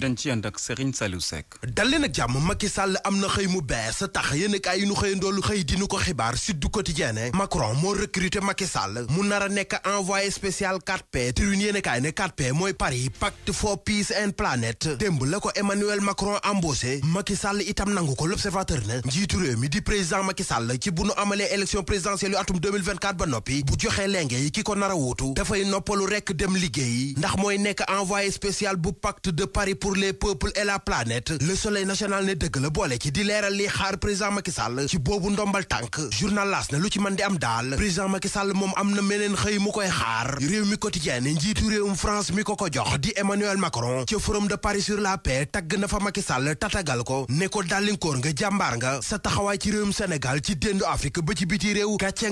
dañ ci ànd ak Serigne Saliou Seck dalee nag jàmm Macky Sall am na xëy mu bees tax yéen kaay yi nu xëy xëy dinu ko xibaar Sud Quotidien Macron moo recruté Macky Sall mu nar a p Tribune yéen for Peace and Planet démb la ko Emmanuel Macron embauché Macky itam nangu ko l'Observateur ne njiitu réew mi di président Macky Sall ci bu nu amalee élection présidentielle yu atum 2024 ba noppi bu joxee lenge yi ki ko nar a wuutu dafay noppalu rekk dem liggéeyi ndax mooy nekk envoyé spécial bu Pacte de Paris pour pour les la planète le soleil national ne dëgg la boole ci di leeral li xaar président Macky ci boobu ndombal tànk journal L'As ne lu ci mën di am daal président Macky moom am na meneen xëy mu koy xaar réew mi quotidien ne njiitu réewum France mi ko ko jox di Emmanuel Macron ca forum de Paris sur la paix tagg na fa Macky Sall tatagal ko ne ko dàllinkoor nga jàmbaar nga sa taxawaay ci réewum Sénégal ci déndu Afrique ba ci biti réew gàcce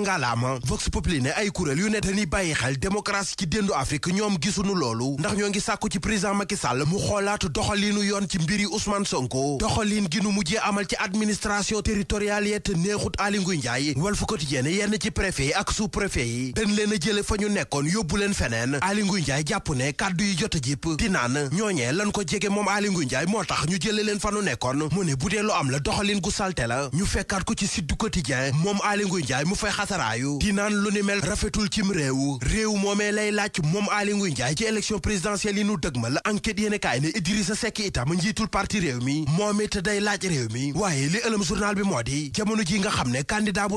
Vox Populi ne ay kuréel yu ne te ni bàyyi xel démocratie ci déndu Afrique ñoom gisunu loolu ndax ñoo ngi doxaliinu yoon ci mbir mbiri Ousmane Sonko doxaliin gi nu mujjee amal ci administration territoriale yet neexut Aly Ngouille Ndiaye Walf Quotidien yenn ci préfet yi ak sous-préfet yi dañ leen a jële fa ñu nekkoon yóbbu leen feneen Aly Ngouille Ndiaye jàpp ne kàddu yi jot a jip di naan ñooñee lan ko jege moom Aly njaay moo tax ñu jële leen fa nu nekkoon mu ne bu dee lu am la doxalin gu salte la ñu fekkaat ko ci Sud Quotidien moom Aly Ngouille Ndiaye mu fay xasaraayu di naan lu ni mel rafetul cim réew réew moomee lay laaj moom Aly Ngouille Ndiaye ci élection présidentielle yi nu dëgmal enquête yéene kaay ne Idrissa Seck itam njiitul parti réew mi moom it day laaj réew mi waaye li ëlëm journal bi moo di jamono ji nga xam ne candidat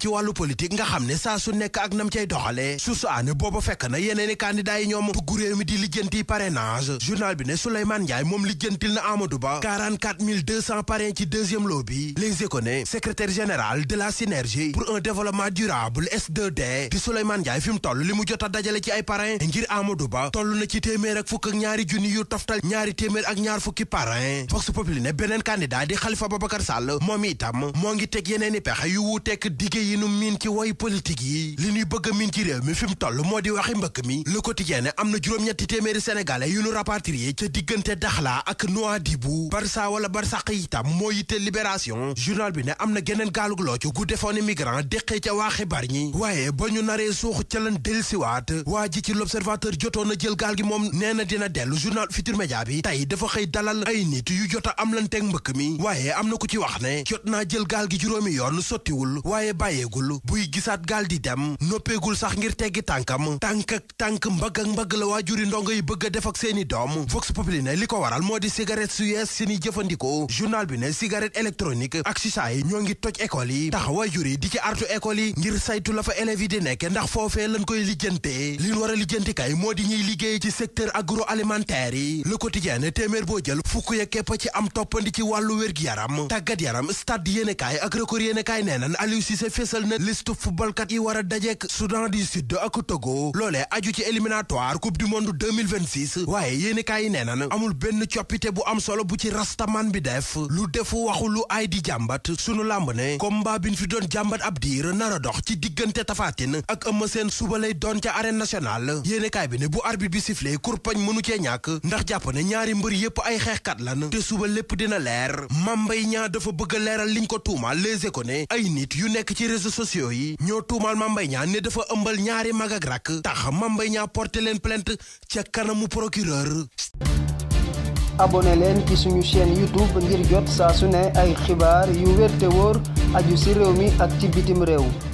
ci wàllu politique nga xam ne saa su nekk ak nam cay doxalee su su aane bi ne Souleymane Ndiaye moom lijjantil na Amadou Ba 44 ci deuxième lot bi Les Échos ne secrétaire général de la synergie pour un développement durable honorable S2D di Souleymane Ndiaye fi mu toll li mu jot a dajale ci ay parrain ngir Amadou Ba toll na ci téeméer ak fukk ak ñaari junni yu fukki parrain Vox Populi ne beneen candidat di Khalifa Babacar Sall moom itam moo ngi teg yeneen i pexe yu wuuteeg digge yi nu miin ci woy politique yi li ñuy bëgg a miin ci réew mi fi mu moo di waxi mbëkk mi Le Quotidien am na juróom-ñetti téeméeri sénégalais yu nu rapatrié ca diggante Dakhla ak Nouadhibou Barça wala Barsaq itam moo yitte libération Bargny waaye ba ñu naree suux ca lan dellusiwaat waa ji ci l'observateur jotoon na jël gaal gi moom nee na dina dellu journal Futurs Médias bi tey dafa xëy dalal ay nit yu jot a am lanteeg mbëkk mi waaye am na ko ci wax ne jot naa jël gaal gi juróomi yoon sottiwul waaye bàyyeegul buy gisaat gaal di dem noppeegul sax ngir teggi tànkam tànk ak tànk mbagg ak mbagg la waa waajuri ndongo yi bëgg a def ak seeni doom Vox Populi ne li ko waral moo di cigarette su yees seeni jëfandikoo journal bi ne cigarette électronique ak sisa yi ñoo ngi toj école yi saytu la fa élèves yi di nekk ndax foofee lañ koy lijjantee li ñu war a lijjanti kay moo di ñuy liggéey ci secteur agroalimentaire yi le quotidien téeméer boo jël fukk ya képp ci am toppandi ci wàllu wér-gi-yaram tàggat yaram stade yéenekaay ak record yéenekaay nee nan Aliou Cissé fésal na liste footballkat yi war a dajeek Soudan du Sud ak Togo loolee aju ci éliminatoire coupe du monde 2026 waaye yéenekaay yi nee nan amul benn coppite bu am solo bu ci rastaman bi def lu defu waxu lu ay di jàmbat sunu làmb ne combat bi ñu fi doon jàmbat ab diir nara dox ci diggante tafaatin ak Eumeu seen suba lay doon ca arène nationale yéenekaay bi ne bu arbitre bi sifflé kurpañ mënu cee ñàkk ndax jàpp ne ñaari mbër yépp ay xeexkat lan te suba lépp dina leer mambay ñaa dafa bëgg leeral liñ ko tuumaal les ko ne ay nit yu nekk ci réseaux sociaux yi ñoo tuumaal mambay ñaa ne dafa ëmbal ñaari mag ak rakk tax mambay ñaa porté leen plainte ca kanamu procureur abonné leen ci suñu chaîne youtube ngir jot saa su ne ay xibaar yu wér te wóor aju ak ci bitim réew